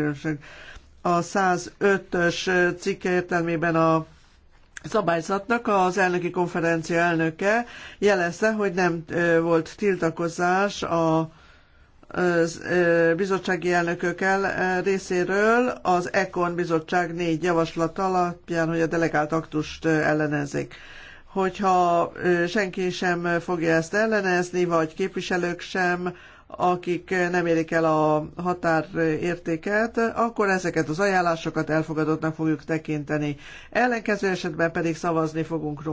lehetőség. A 105-ös cikk értelmében a szabályzatnak az elnöki konferencia elnöke jelezte, hogy nem volt tiltakozás a bizottsági elnökök el részéről az ECON bizottság négy javaslat alapján, hogy a delegált aktust ellenezik. Hogyha senki sem fogja ezt ellenezni, vagy képviselők sem, akik nem érik el a határértéket, akkor ezeket az ajánlásokat elfogadottnak fogjuk tekinteni. Ellenkező esetben pedig szavazni fogunk